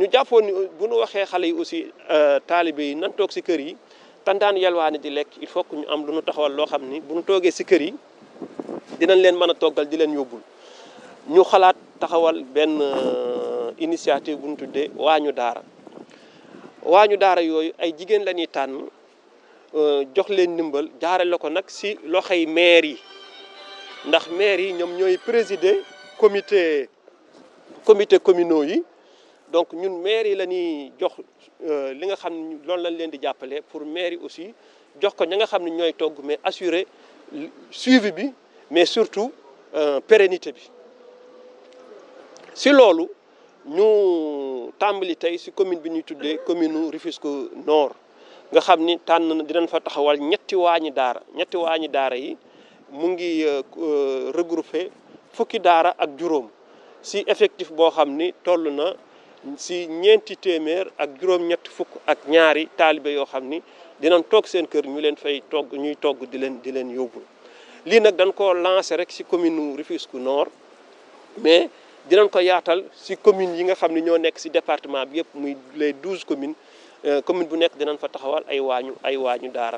ñu jàppoon ni bu ñu waxee xale yi aussi euh, taalibe yi nan toog si kër yi tandaan yalwaani di lekk il faut ñu am lu ñu taxawal loo xam ni bu ñu toogee si kër yi dinañ leen mën a toggal di leen yóbbul ñu xalaat taxawal benn euh, initiative buñu tuddee waañu daara waañu daara yooyu ay jigéen la ñuy tànn euh, jox leen ndimbal jaare la ko nag si loxoy maire yi ndax maire yi ñoom ñooy présider comité comité communaux yi donc ñun maire yi la ñuy jox euh, li nga xam ne loolu lañ leen di jàppale pour maire yi aussi jox ko ña nga xam ne ñooy togg mais assurer suivi bi mais surtout euh, pérennité bi si loolu ñu tàmbali tey si commune bi ñuy tuddee commune Rufisque noor nga xam ni tànn na dinañ fa taxawal ñetti waañi daara ñetti waañi daara yi mu ngi euh, regroupé fukki daara ak juróom si effectif boo xam ni toll na si ñeenti téeméer ak juróom-ñetti fukk ak ñaari taalibe yoo xam ni dinañ toog seen kër ñu leen fay togg ñuy togg di leen di leen yóbbul lii nag dañ ko lancé rek si commune Rufisque noor mais dinañ ko yaatal si commune yi nga xam ne ñoo nekk si département bi yëpp muy les douze communes euh, commune bu nekk dinañ fa taxawal ay waañu ay waañu daara